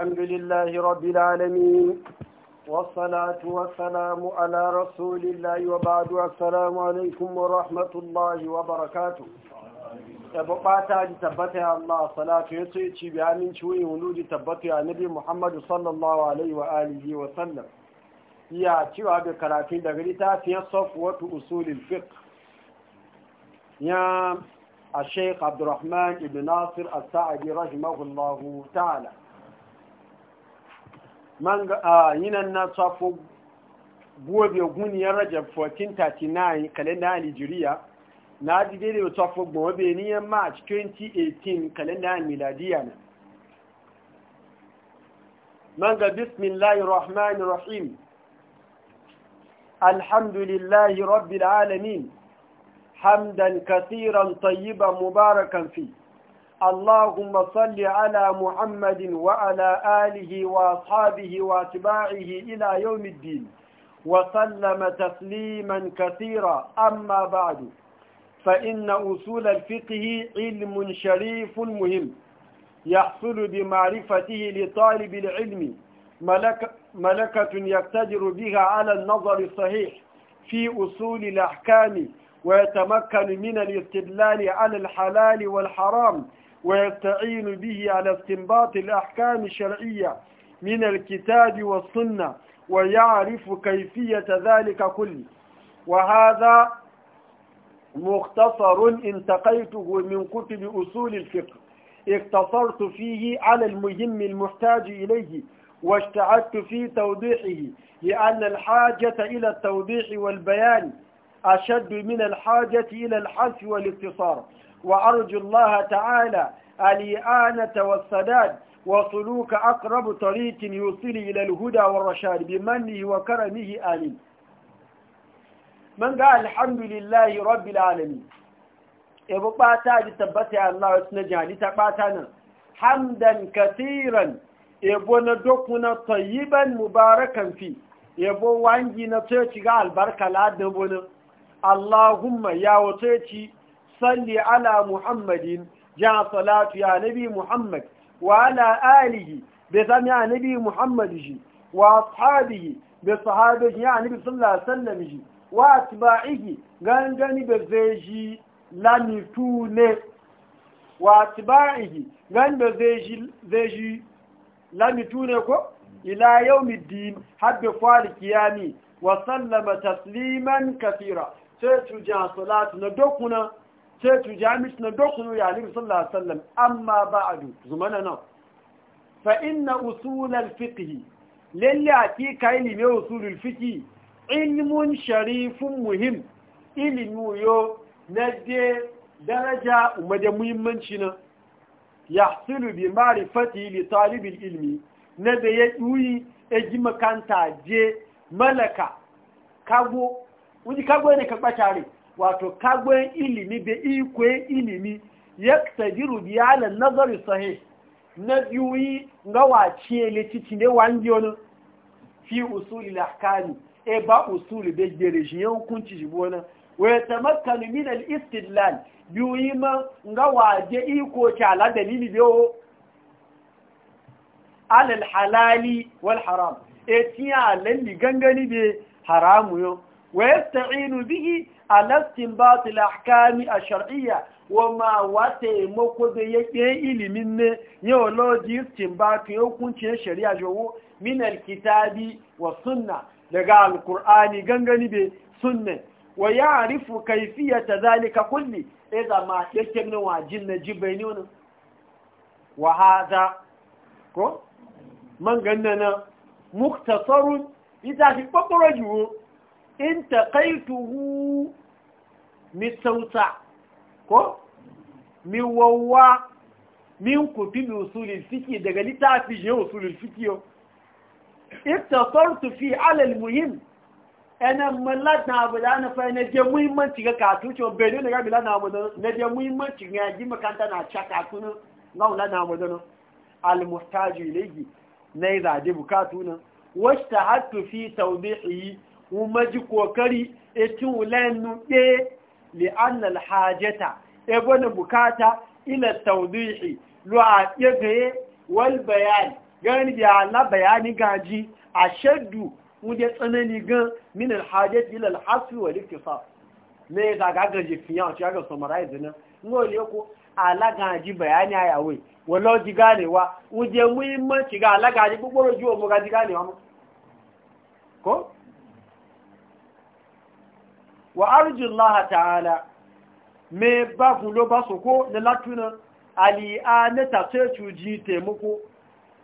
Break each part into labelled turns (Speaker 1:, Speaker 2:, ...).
Speaker 1: الحمد لله رب العالمين والصلاة والسلام على رسول الله وبعد السلام عليكم ورحمة الله وبركاته أبو قاتا الله صلاة يسيتي بأمين شوي ولود تبتع نبي محمد صلى الله عليه وآله وسلم يا تيو أبي كراتين دغريتا في صفوة أصول الفقه يا الشيخ عبد الرحمن بن ناصر السعدي رحمه الله تعالى manga a yinan na tsafo gobe ya rajab 1439 kalenda alijiriya na ji daidai da tsafo gobe niyan march 2018 kalenda miladiya na manga bismillahir rahmanir rahim alhamdulillahi rabbil alamin hamdan kasiran tayyiban mubarakan fi. اللهم صل على محمد وعلى آله وأصحابه واتباعه إلى يوم الدين وسلم تسليما كثيرا أما بعد فإن أصول الفقه علم شريف مهم يحصل بمعرفته لطالب العلم ملك ملكة يقتدر بها على النظر الصحيح في أصول الأحكام ويتمكن من الاستدلال على الحلال والحرام ويستعين به على استنباط الأحكام الشرعية من الكتاب والسنة ويعرف كيفية ذلك كله وهذا مختصر انتقيته من كتب أصول الفقه اقتصرت فيه على المهم المحتاج إليه واشتعدت في توضيحه لأن الحاجة إلى التوضيح والبيان أشد من الحاجة إلى الحث والاقتصار وأرجو الله تعالى الإعانة والسداد وصلوك أقرب طريق يوصل إلى الهدى والرشاد بمنه وكرمه آمين من قال الحمد لله رب العالمين ابو باتا تبتي الله وسنجا لتباتنا حمدا كثيرا ابو ندقنا طيبا مباركا فيه ابو وانجي نتيجي البركة لا دبونا اللهم يا وتيجي salli ala muhammadin ja salatu ya nabi muhammad wa ala alihi bai sami a nabi muhammad shi wa ashabihi bai sahabe shi ya nabi sallallahu alaihi wasallam shi wa atba'ihi gangani bai zai shi lamitu ne wa atba'ihi gan da zai shi zai shi lamitu ne ko ila yawmiddin habbi fali kiyami wa sallama tasliman kafira sai tuja salatu na dokuna sai tu jami'is na dokunu ya sallallahu alaihi wasallam amma ba'du zumana nan fa inna usul al-fiqh lalle hakika ilimi usul al-fiqh ilmun sharifun muhim ilmu yo na de daraja umaje muhimmanci na yahsulu bi ma'rifati li talibin ilimi, ilmi na da ya yi eji makanta je malaka kago wani kago ne ka bata wato kagwen ilimi da ikwe ilimi ya tajiru biyalan nazari sahi na biyu ga wace ne cici ne wani wani fi usuli lahkani e ba usuli da gere shi yan kunci shi bona ta tamakkanu min al-istidlal biyu ma ga waje iko ta la dalili biyo alal halali wal haram e tiya lalli gangani be haramu yau ويستعين به على استنباط الأحكام الشرعية وما واتي موكو دي من يولوجي استنباط يوكون تي شريع جو من الكتاب والسنة لقاء القرآن غنغني بسنة ويعرف كيفية ذلك كله إذا ما يكتبنا واجلنا جبينيون وهذا من قلنا مختصر إذا في قطرة in taqaituhu mi sauta ko mi wawwa min kutubi usulul fiqh daga littafi je usulul fiqh iktasartu fi ala almuhim ana mallatna da na fa na je muhimmanci ga katucho bele ne ga bilana da na je muhimmanci ga ji makanta na chaka tunu ga ulana abada no almuhtaju ilayhi na iza de bukatuna washtahattu fi tawdihi kuma ji kokari e tin ulanu ɗe li annal hajata e bukata ila tawdihi lo a ɗe wal bayani gani da ala bayani gaji a shaddu wuje tsanani gan min al hajat ila al hasr wal iktisab ne ga ga gaji fiya ci ga summarize nan ngoli ko ala gaji bayani ayawe wala ji ganewa wuje muhimmanci ga ala gaji gbogbo roju o mo gaji ganewa ko wa Allah ta'ala me ba kulo ba su ko da latuna ali'a na ta ce cuji taimako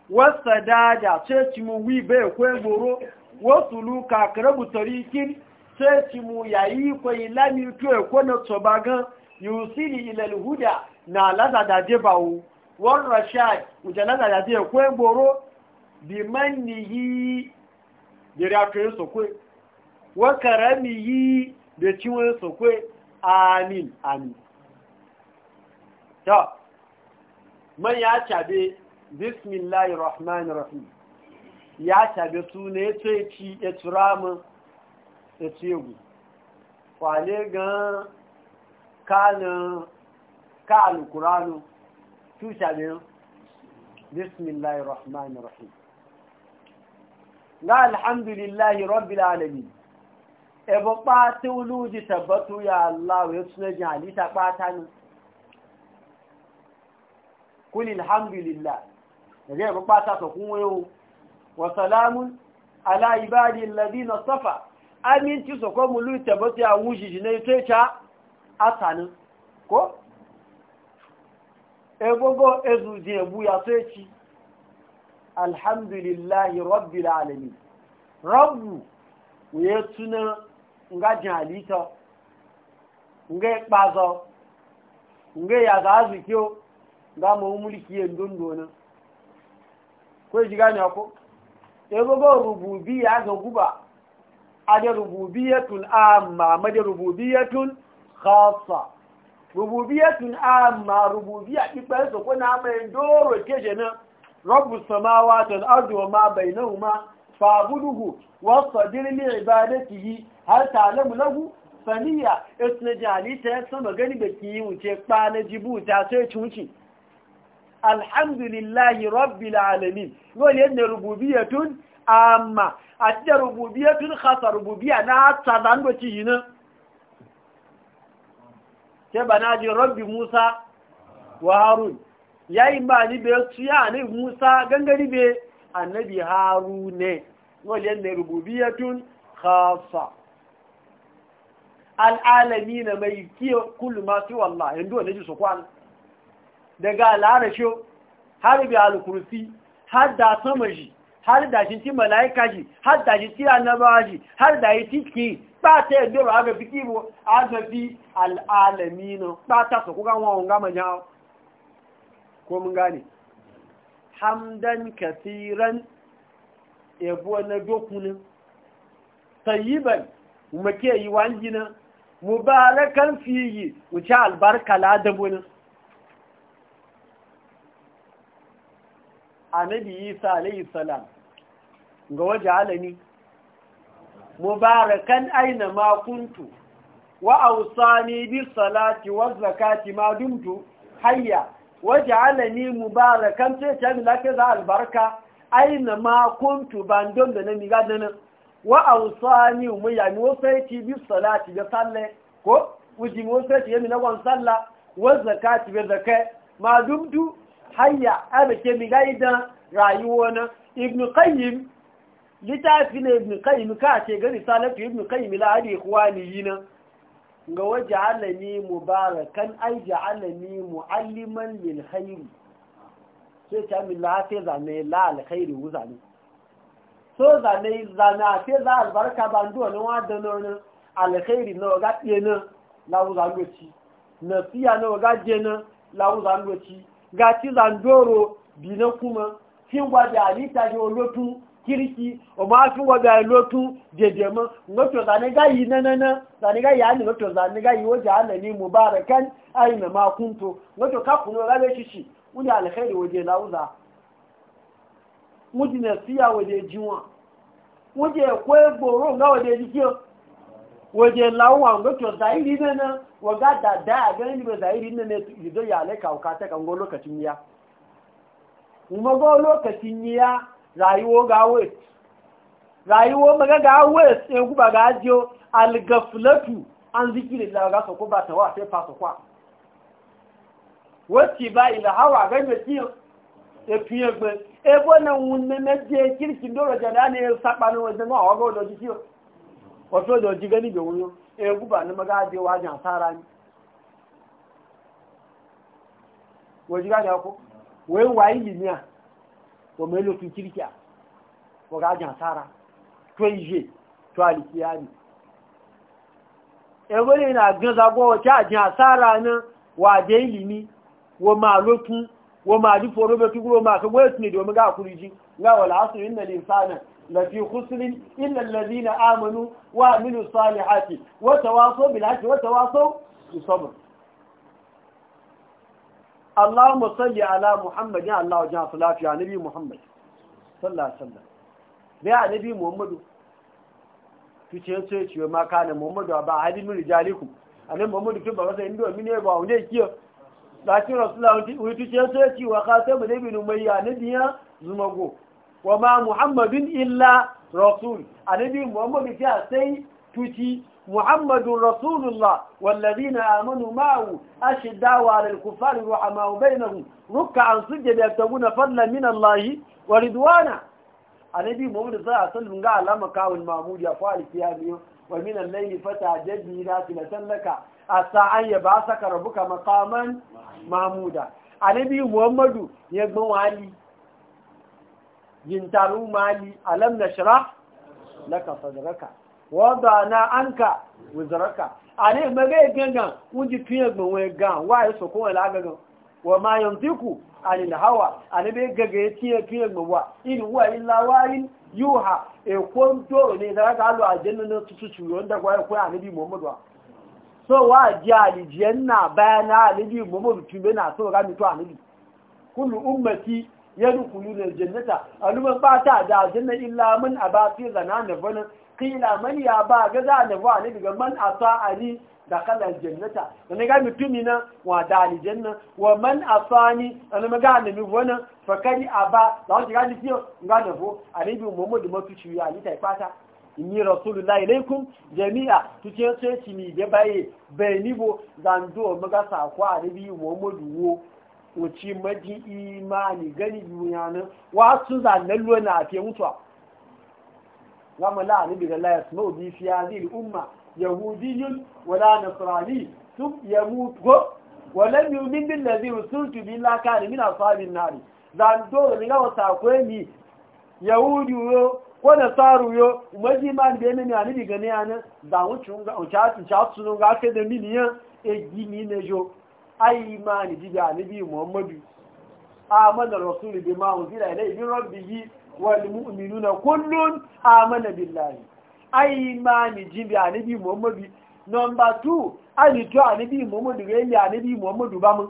Speaker 1: wasa dada ce ci mu wi bai kwe goro wasu luka karabu tarikin ce ci mu yayi kwai e lami tuwe kwana tsobagan yusili ilal huda na lada da debawo wọn rashad wuce lada da debawo kwe goro bi man ni yi da rakiyar e su kwe wa karami yi da ci wani sokwe amin amin to man ya cabe bismillahi rahmanir rahim ya cabe su ne ya ce ci ya tura mu ya ce gu kwale gan kanin ka alkuranu su cabe bismillahi rahmanir rahim na alhamdulillahi rabbil alamin ẹ̀bọ̀ pàtí olóòjì tẹ̀bọ̀tú ya aláwẹ̀ túnlẹ̀jìn àlítà pátánù kúlì alhambrilá ẹ̀rẹ́ ẹ̀bọ̀ pátátọ̀ kún wéwò wàsàlámù aláìbáàdì lẹ́bí na sọ́fà a ní tí sọ̀kọ́ mú lú tẹ̀bọ̀tú ya wú jìjì ní tó ẹ̀chá àtànù kó ẹgbogbo ya alhamdulillahi ya nga jin halitta nga ya kpazo nga ya za azu kiyo nga ma mulki yin dondona ko ji gane ko ebogo rububiyya ga guba ya tun amma mada rububiyyatun khassa rububiyatun amma rububiyya ipa so ko na mai doro keje na rabbus samawa wal arzuwa ma bai bainahuma fa'buduhu wasfajir li ibadatihi har ta'lamu lahu saniya isna jalita ya sama gani da ki wuce kwana jibuta sai cuci alhamdulillahi rabbil alamin wani yadda tun? amma a cikin tun khasa rububiya na tsadan da ci yinin ke bana ji rabbi musa wa harun ya yi ba ni bai su ya ne musa gangari bai annabi harune wale ne rububiyatun khassa al'alami na mai kiyo kullum ma fi wallah yanzu wanda ji su kwana daga al'arashi har bi al-kursi har da sama ji har da shi ti malaika ji har da shi ti annaba ji har da yi tiki ba ta yadda ba ga fiki bo aga fi al'alami na ba ta su kuka wọn ga ko mun gane hamdan kasiran yabo na dokunin tayyiban ke yi wangina mubarakan fiye wuce albarka ladabunan annabi isa alayhi salam ga waje alani mubarakan aina makuntu wa'ausa wa bi salati wa zakati ma dumtu hayya waje alani mubarakan ce ce mi lafi za albarka aina ma kuntu bandon da na miga dana wa a wusani mu ya mi wasu ya salati ga salle ko wuji mi wasu ya ci na gwan salla wa zaka ci zaka ma dumdu hayya ke mi ga idan rayuwa na qayyim littafi na qayyim ka ce ga risalatu ibnu qayyim la hadi yi yina ga waje alami mubarakan ai alami mu'alliman lil khairi sai ta mi la ta zane la al khairi wuzani so zane zana ta za albarka ndu ne wa da non al khairi waga ga na la wuzan goci na fiya waga je na la wuzan goci ga ti zandoro bi na kuma fi gwaje alita ji olotu kirki o ma fi waga lotu jejema ngoto zane ga yi na na na zane ga yani ngoto zane ga yi waje ala ni mubarakan aina ma kunto ngoto ka kuno ga be shishi uni alkhairi waje lauza muji nasiya waje jiwa waje kwe gboro ga waje dikio waje lawa ngoto zairi na na waga da da ga ni be zairi na ne yido ya le ka ka ta kan go lokacin ya kuma go lokacin ya rayuwa ga west rayuwa maga ga west ɗin guba ga eh, ajiyo algaflatu an zikirin da ga sako ba ta wa sai fasa kwa wacce ba ila hawa ga gaskiya ya fiye gbe ebo na wunne na je kirkin doro jana ne ya saba na wajen ma wago da jikiyo wato da ji gani da wuyo e guba na maga ajiyo wajen asara ne wajen gani ako wai wayi limiya wọ́n mai tún kirki a ƙogajen jàn sára tó ìṣe ne àlìkíyà ni ẹgbẹ́ lè nà gánzagọ́ ọ̀tí na sára náà wà dé ìlì ní wọ́n máa ló tún wọ́n dí fọ́rọ́ bẹ́ túgbúrò máa tó gbóyè tún èdè jí lè lafi kusurin illa allazina amanu wa amilu salihati wa tawasaw Allahumma salli ala Muhammadin Allah wajen salatu ya nabi Muhammad sallallahu alaihi wasallam bai a nabi Muhammadu tuce ce ce ma kana Muhammadu ba hadimin rijalikum annabi Muhammadu kin ba wasa inda mini ba wanda kiyo lakin rasulullahi wai tuce ce ce wa khatamu nabi umayya nabiya zumago wa ma Muhammadin illa rasul annabi Muhammadu ya sai tuci محمد رسول الله والذين آمنوا معه أشداء على الكفار رحماء بينهم ركعا سجد يبتغون فضلا من الله ورضوانا النبي محمد صلى الله عليه وسلم قال لما كاو المعمود يفعل قيامه ومن الليل فتعجد به نافلة لك عسى أن يبعثك ربك مقاما محمودا النبي محمد يجمع علي ينتظر مالي ألم نشرح لك صدرك wọ́dọ̀ àná áńkà wùzọ̀rọ̀kà àní ìmẹ́gẹ́ gẹ́gàn wọ́n jí tún ẹgbẹ̀ wọn gan wà ìsọ̀kún wọn lágagàn wọ́n máa yọ̀ dínkù àníláhàwà àníbẹ́ gẹ́gẹ́ tí ẹ tún ẹgbẹ̀ wà inú wà ìláwárí yóò hà èkó ń dòrò ní ìdárákà lọ àjẹ́nínú tuntun ṣùgbọ́n dẹ́kọ̀ ẹ̀kọ́ àníbí mọ́mọ́dọ̀ so wà jẹ́ àlìjẹ́ náà báyá náà àníbí mọ́mọ́dọ̀ tún bẹ́ náà kámi tó àníbí kúlù àlùmọ́ pátá kila man ya ba ga za da ba ne daga man asa ali da kalar jannata dan ga mutumi na wa da janna wa man asani dan maga ne mi wona fa kari aba da wani ga dikiyo ga da bi alibi muhammad matuci ya ni tai fata inni rasulullahi alaikum jami'a tuce sai ci ni da baye bai ni bo dan do maga sa bi alibi muhammad wo uci madi imani gani duniya na wasu zanen luwa na fiye mutuwa gama la ni daga la yasma bi fi hadhihi al-umma yahudiyyun wala nasrani tum yamut go walam yu'min bil ladhi ursiltu bi la kana min ashabin nar dan do ni ga wata ko ni yahudi yo ko da saru yo maji man be ni ani diga ne ana da wucin ga ucha cha sun ga ke da miliyan e gini ne jo ai imani diga ni bi muhammadu amana rasul bi ma unzila ilayhi rabbihi والمؤمنون كل آمن بالله أي ما نجيب عن نبي محمد نمبر 2 أن يتوى عن نبي محمد غير عن نبي محمد بام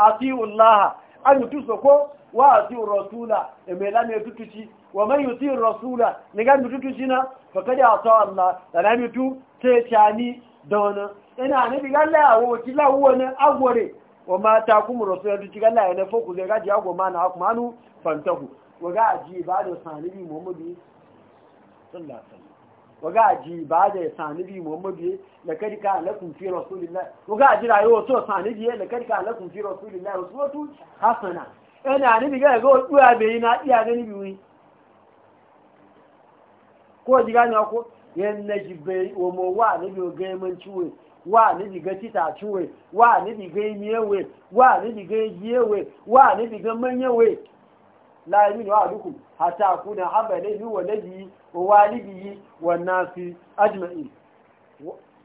Speaker 1: أطيع الله أن يتوسكو وأطيع الرسول إميلان يتوتشي ومن يطيع الرسول نقام يتوتشينا فقد أطاع الله لأنهم يتو تيتاني دون إنا نبي قال لا هو كلا هو أولي وما تاكم الرسول يتوتشي قال لا ينفوك زي قد يأغو ما نعاكم عنه فانتهوا waga aji ba da sanibi muhammadu waga ba da sanibi muhammadu la kadika lakum fi rasulillah waga aji rayuwa to sanibi fi rasulillah hasana ina ni biga ga duwa be na iya gani biwi ko diga na ko yan najibe mo wa ni ga man ciwe wà bi gan títà túnwè wà níbi bi imiewe wà bi la yaminu ahadukum hatta akuna habba ilayhi wa nabiyyi wa walidihi wa nasi ajma'in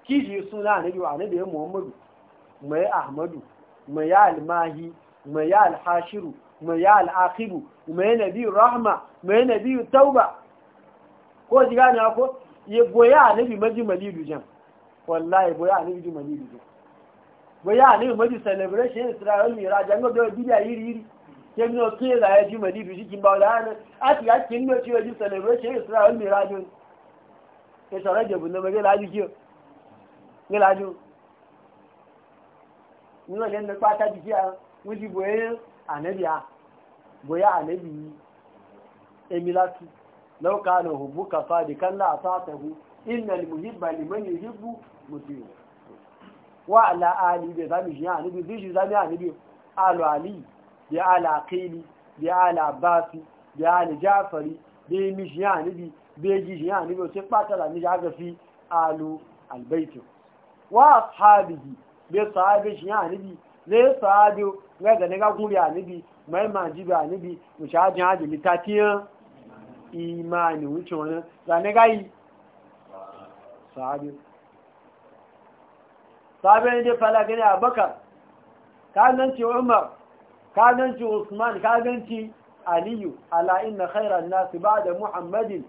Speaker 1: kiji suna ne wa nabi muhammadu mai ahmadu mai almahi mai alhashiru mai al'akibu mai nabi rahma mai nabi tauba ko ji gane ko ya boya nabi maji malidu jan wallahi boya nabi maji malidu jan boya nabi maji celebration israel miraj an do bidiya yiri yiri kemi o tun ra eju me libi ji kimba ola ana ati ya kin no ti celebration israel mi raju e so reje bu no me laju ji o ni laju ni o le nle pata ji a won ji boye anabi a boya anabi emi lati law kana hubuka sadikan la wa ala ali zami anabi zami anabi alu ali Bi ala aqili ya ala abbasi bi ala jafari be mi jiya nibi be ji jiya nibi o se patala ni jaga fi alu albayt wa ashabihi be sahabi jiya nibi le sahabi ga ga ne ga kun ya nibi mai ma ji ba nibi mu wuce wani gayi ne dai fala gani abakar nan ce umar kaganci usman kaganci aliyu ala inna khairan nasu bada muhammadin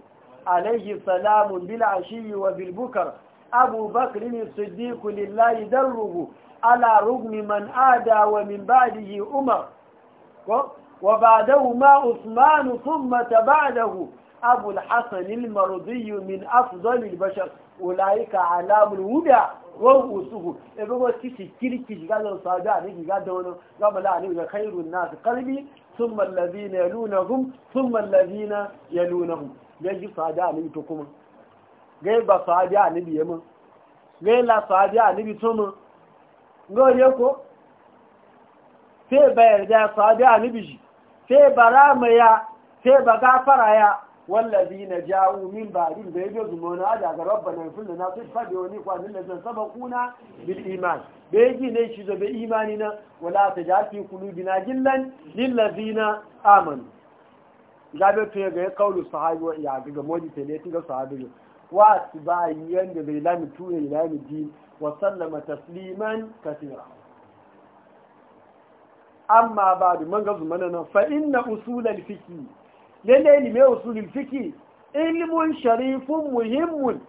Speaker 1: Alayhi salamun bil ashiyi wa bil bukar abu bakri ne siddiqu lillahi darruhu ala rugmi man ada wa min ba'dihi umar wa ba'dahu ma usman thumma tabadahu abu al-hasan al-mardi min afdal al-bashar ulaika alamul huda wọn kò sugu ebe wọn ti si kirki shiga zan sadu a nigi ga dauna gama la ne ga khairun nasu kalbi sun mallabi na ya nuna hum sun mallabi na ya nuna hum ya ji sadu a bi to kuma gai ba sadu a ya ma, gai la sadu a bi to ma ga ne ko sai ba bayar da sadu a bi ji, sai bara ma ya sai ba gafara ya والذين جاءوا من بعدهم بيجوزمون هذا ربنا يغفر لنا صدقا ونقوى الذين سبقونا بالإيمان بيجي نيشيز بإيماننا ولا تجعل في قلوبنا جلا للذين آمنوا gabe to ya ga ya kaulu sahabi wa ya ga moji te ne tinga sahabi wa tibai yanda bai lami tuye lami din wa sallama tasliman amma ba da man ga zumana fa inna lele ilimi usulul fiki ilmun sharifun muhimmun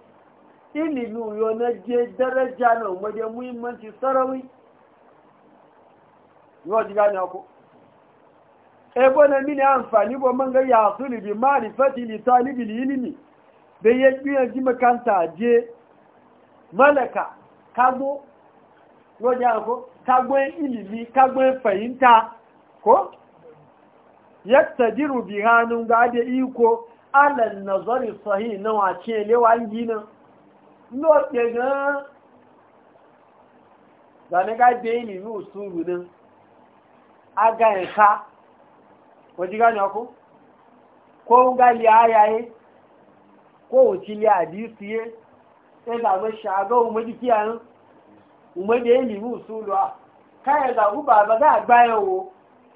Speaker 1: ilimi yo je daraja na waje muhimmanci sarawi yo ji gane ko ebo na mini amfani bo man ga ya sulu bi ma'rifati li talibil ilmi da ya biya ji makanta je malaka kago yo ji ko kago ilimi kagban fahimta ko yaktadiru bi hannun ga da iko alal nazari sahi na wace lewa gina no ke ga zane ga da yi ni usuru nan aga nka e waji gani ako ko ga li ayaye ko uti li hadisi ye e da ma shaga o maji kiyan o maji ni usuru a kai da ku baba ga agbayan wo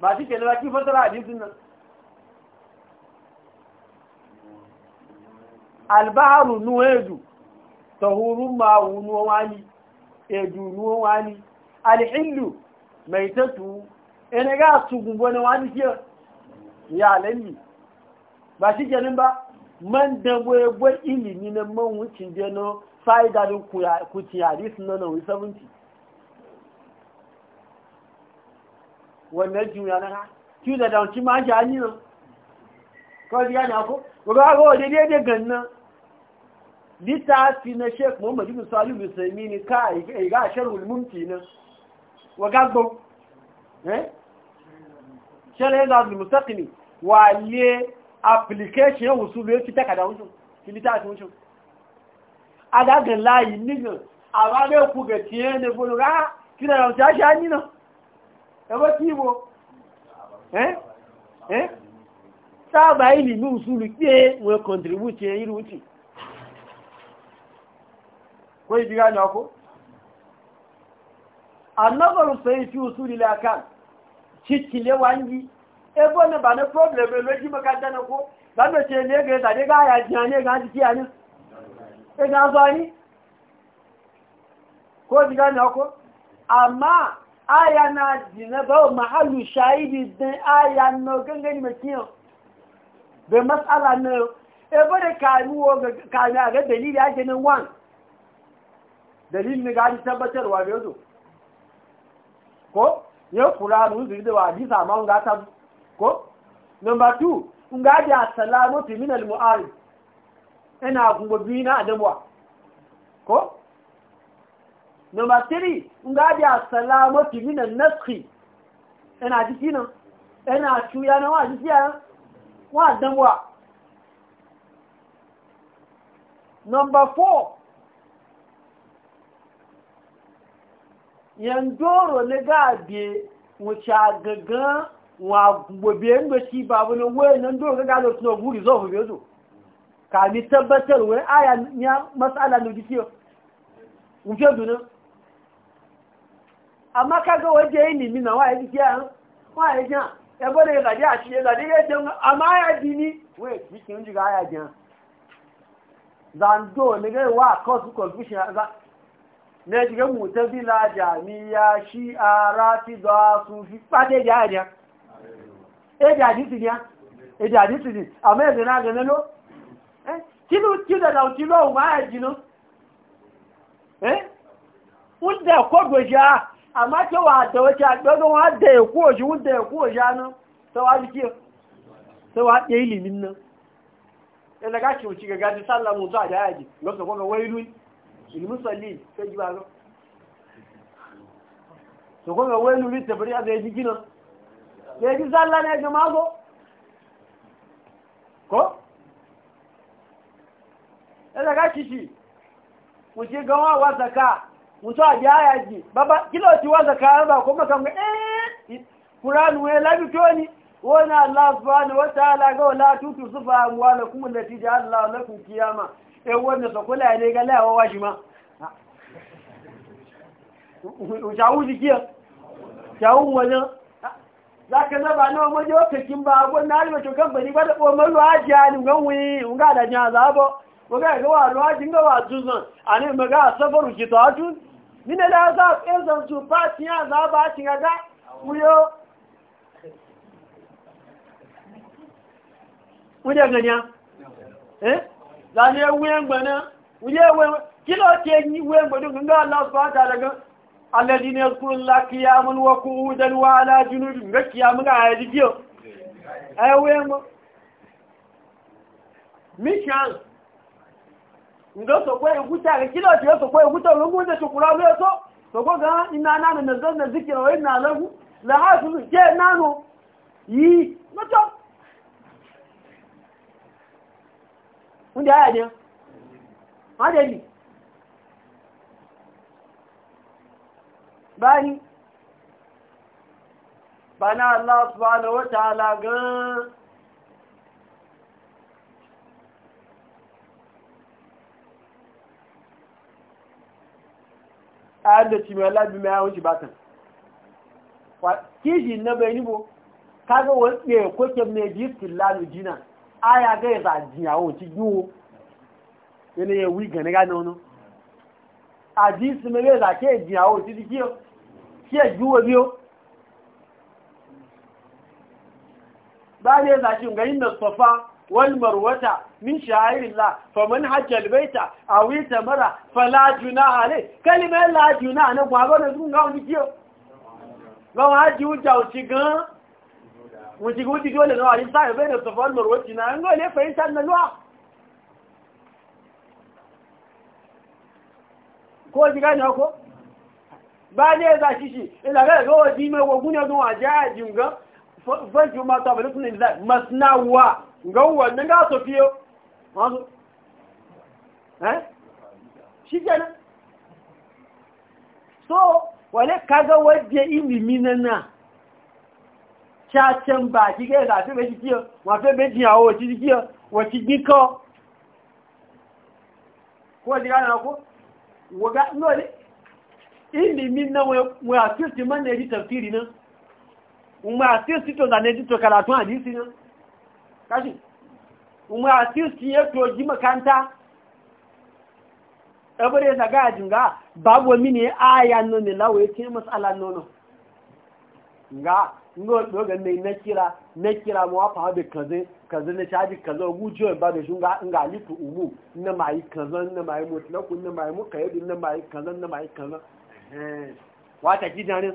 Speaker 1: ba shi ke nuna kin fasara hadisin nan albaharu nuwa nuwedu tahurun mawu nuwa wani edu nuwa wani alhillu mai tattu ina ga su gumbo na wani ke ya lalli ba shi ke ba man dagwagwar ilimi na man wucin jeno fa'ida da kuci hadisin nan na 70 wannan juya na ki da dauci ma shi hannu nan kawai ya na ko ga ga wajen daidai ganna littafi na sheik muhammad ibn salim musulmi ne ka ga sharhul mumti nan wa gagbo eh sharhul zadul mustaqimi wa le application usulu yake takada wucin ki littafi la yi layi nigan a ranar ku ga tiye ne bulu ra da yau ta shi hannu nan ẹgbẹ́ tí wo ẹ́ ẹ́ sáàbà ìlì ní ìṣúlù tí wọ́n kọ̀ntìrìbútì ẹ̀ irú tì kó ìdíra ní ọkọ́ anọ́bọ̀rù sẹ́yìn tí ìṣúlù ilẹ̀ aká títìlẹ̀ wá ń ẹgbọ́n náà bà pọ́blẹ̀mù lójú mọ́ká dáná kó tí ilé ẹgbẹ̀rẹ̀ tàbí káyà jìyàn ní ẹgbẹ̀rẹ̀ tí a ní ẹgbẹ̀rẹ̀ sọ ní kó ìdíra ní ọkọ́ àmáà aya na jina ba mahallu shahidi din aya na gangan makiyan da matsala na ebe da ka a ga dalili ake nan wan ni tabbatar wa da yazo ko ya kura da huzuri da wadi sama ga ta ko number 2 nga assalamu salamatu min al mu'arif ina gungobi na adamwa ko Number three, nga da salamatu minan naskhi. Ina jiki nan, ina cuya na wa jiki yan, wa damuwa. Number four, yandoro na gabe wuce gaggan wa gobe da shi babu nan wayan nan doro gaga da suna guri zo gobe zo. Ka ni tabbatar wani aya ya matsala na jiki yau. Wuce dunan. amma kaga waje ilimi na waye jikiya waye jan yabo da gaje a ciye gaje ya jan amma ya dini wai cikin ji ga ya jan zando ne ga wa cause confusion ga ne ji ga mutazila jamiya shi'a rafida sufi pate ja ja e ja di ti ja e ja di ti amma ya na ga ne lo eh kilo kilo da kilo ma ya jino eh unda ko goja amma ke wa wace a ya kowace ya kowace nan ta jike ta ɗaya ilimin nan ɗan ce ga gaji sallah mutu a jaya ji ga su kuma ilimin salli ji ba su kuma ta bari a zai ji gina ji sallah na ya ji mago ko ci gawa wa zaka mutu a biya yaji baba kilo ti wanda kayan ba kuma kan ga eh Qur'anu ya labi toni wani Allah subhanahu wa ta'ala ga wala tutu sufa amwala kuma natija Allah kiyama eh wanda ne ga lawa washi ma jawu wani zaka na ba nawa ba na halima to kan bari ba da zabo ko ga ga wa ruwaji ga wa tuzan ani maga safaru mine da za a tsaye zanzu ba ci ya za ba ci gaga wuyo wuje ganiya eh za ne wuyen gbana wuje wuyen kilo ke yi wuyen gbana ganga Allah su fata daga alladhi ala ayi wuyen ndo sokwe ukuta ga kilo ti sokwe ukuta lungu nda chukura lo to sokwe ga ina nana na zanna zikira wa ina lagu la hasu je nano yi no to unde aya dia ade ni bani bana allah subhanahu wa ta'ala ga a yadda ci labi mai yawon shi batan kishi na bai nibo ga wani ya kwake mai jiski lalu jina a ya ga ya za jiya won yiwo yana ya wi gane gane wani a jiski mai ya za ke jiya won ci jikiyo ki ya yiwo e biyo ba ne za shi ga yin da sofa والمروة من شعائر الله فمن حج البيت أو يتمرى فلا جناح عليه كلمة لا جناح نبو هبنا نقول نقول نجيو نقول هاجي وجا وشيقان وشيقان وشيقان وشيقان نقول إنسان بين الصفا والمروة نقول ليه فإنسان نلوح ko ji gane ko ba ne za shi shi ina ga ga wadi mai wagun ya zo a jajin ga fajju mata balisun da masnawa ga wannan ga so fiye masu eh shi kenan so wale kaga wajen ilimi na na cacen ba kí gẹ́gẹ́ àti méjì kí ọ wọ́n fẹ́ méjì àwọ̀ òtítí kí ọ wọ́n ti gbíkọ́ kó ti ilimi na wọ́n àti òsì mọ́ nẹ́jì tafsiri náà wọ́n àti òsì tó nà nẹ́jì tó kàràtún àdísí na? kashi umar assist ya toji makanta ɗabare na gajin ga babu mini aya ne lawa ya ce ala nono ga ɗogan mai na kira na kira wafa haɗe kaze kaze na caji kaze gujiyoyin ba da shunga in ga alifu umu na mayi kaze na mayi mutlaku na mayi muka yadda na mayi kaze na mayi kaze wata gidanin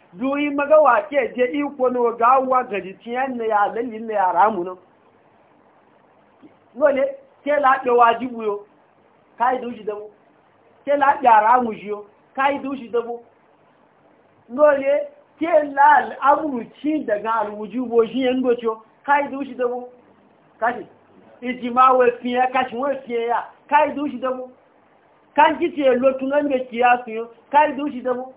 Speaker 1: duyi magawa ke je iko no gawa gari tiyan ne ya lalli ne ya ramu no wole ke la ke wajibu yo kai duji dabu ke la ya ramu yo kai duji dabu wole ke la al'amuru ci daga alwujubo shi yan gocho kai duji dabu kashi ijima we fiye kashi we fiye ya kai duji dabo kan kici lo tunan me kiyasu yo kai duji dabu.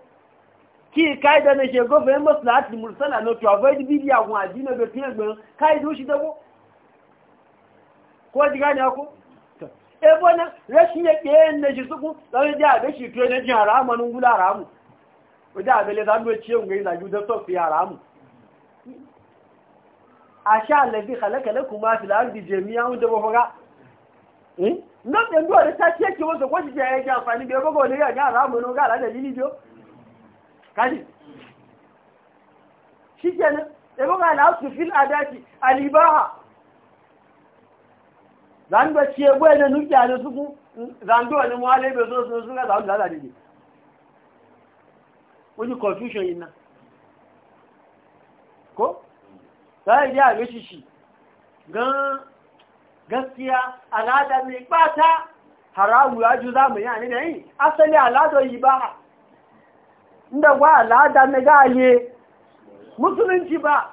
Speaker 1: ki kaida na she go fe maslahat mursala no to avoid bidia gun adina be tin gbon kaida shi dago ko ji gani ako e bona rashin ya ke na shi suku sai da abe shi to ne jin haramu nun gula haramu ko da bele da do ciye ngai na ju da to fi haramu asha allazi khalaqa lakum kuma fil ardi jami'an da ba faga eh nan da ndo da ta ce ki wasu ko ji ya ji amfani be gogo ne ya ga haramu no ga da dalili biyo Kali shi kenan ya buga al'asu fil adaki alibaha zan ba ce gwai da nukiya da suku zan duwa ni muhalai bai zo sun suka zaun da zaɗaɗe wani confusion yin nan ko? sai yi a gashi shi gan gaskiya al'ada mai ɓata haramu ya ju zamani a ne da yi asali al'adar yi ba inda wa al'ada na gaye musulunci ba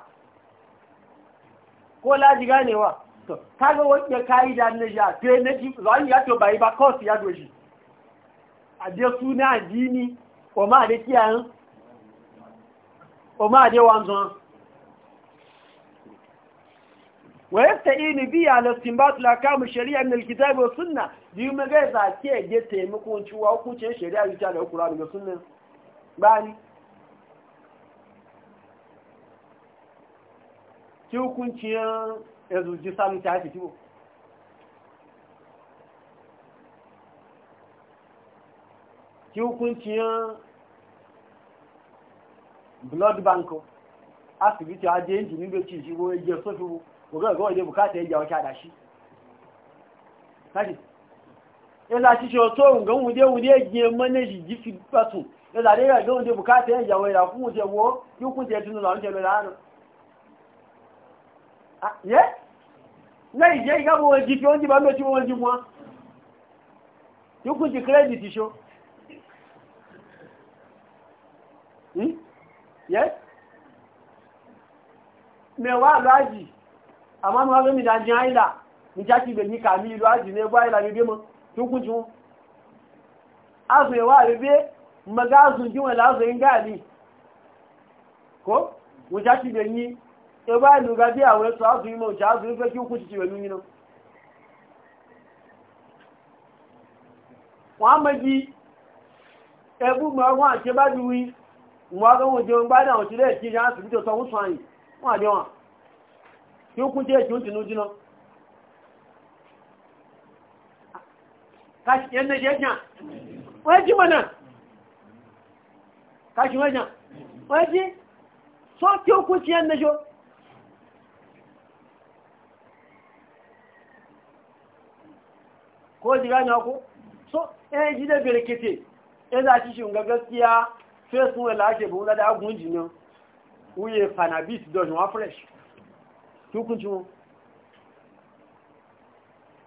Speaker 1: ko laji ganewa to kaga wanda kai da na ja to na ji zai ya to bai ba course ya doji a je suna dini ko ma da kiyan ko ma da wanzo ويستعين به على استنباط الاحكام الشرعيه من الكتاب والسنه دي مغازا كي جه تيمكون bani ki hukunciyar yanzu ji samun ta haifi kiwo ki hukunciyar blood banko asibiti ajé da ló ti ìṣirò ẹgbẹ́ sófin ògbẹ́gbẹ́ òjò bukata ẹgbẹ́ ọ̀ṣà àdáṣí sáàdì ilá ṣíṣe ọ̀tọ́ òǹgán wùdé wùdé ẹgbẹ́ mọ́nẹ́jì jí fi pẹ̀tùn da zare ga don je bukata yan ya ku je wo ku ku je tun zan je ye na ije ga bo ji ti on ba me ti won ji mo yo ku ji credit show hmm me wa amma mi mi ni ne wa maga sun ji wani lazarin gani ko wuce ci da yi e ba luga biya wani su azu yi mawuce azu yi fakin kuci ci wani yinan muhammadi ẹgbù mọ́gbọ́n àti bá ju wí mọ́gbọ́n òjò ń gbádà òtí lẹ́ ti yá sí tó sọ wọ́n wọ́n àdé wọn tí ó kún tí èkì ń tìnú jíná káṣíkẹ́ ẹ̀nẹ́jẹ́ jẹ́ náà kashi wajen waje so ki hukunci yan na jo ko jira na ku so eh ji da birkite eh za ci shi ga gaskiya facebook wala ake bu na da agun fanabis don wa fresh ki hukunci mu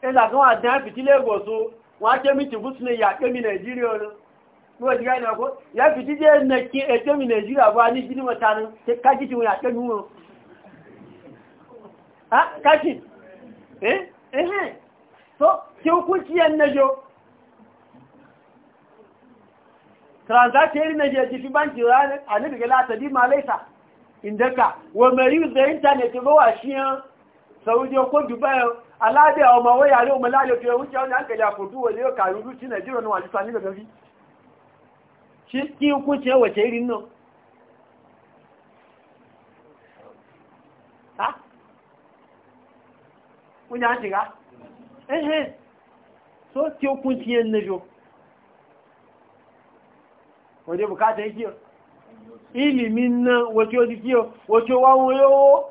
Speaker 1: eh za ga wa so wa ke miti busne ya ke mi Nigeria no wọ́n ti gáyìn àkó ya fi jíjẹ́ ẹnẹ̀kí ẹjọ́ mi nàìjíríà bá ní jíní wọn tánú kájí ti wọn àtẹ́ mú wọn kájí ẹ̀hẹ́n tó kí ó kún sí ẹnẹ́jọ́ transactary nàìjíríà ti fi báńkì rá àníbìgẹ́ látàdí máa lẹ́sà ìdẹ́ka wọ́n mẹ́rí saudi ko ọmọ fi tí ní àkẹlẹ̀ nàìjíríà ní wà ní kí hukunci ya wace irin nan ha? kunya shiga? ehe so kí hukunci yin na jo wajen bukata yake ilimin nan wace wajen kiyo wace wawon yawo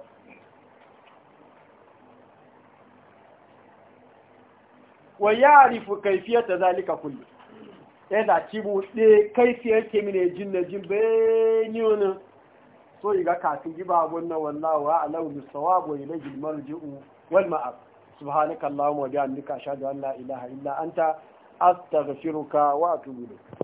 Speaker 1: wa ya'rifu kayfiyata zalika kullu ɗaya da kibu ɗe kai fiye ke mine jin na jin bayani wani so yi ga kafin giba abun na wallahu wa alahu bi sawabu ila gilmar ji'u wal ma'af subhanaka wa bihamdika ashhadu an la ilaha illa anta astaghfiruka wa atubu ilayk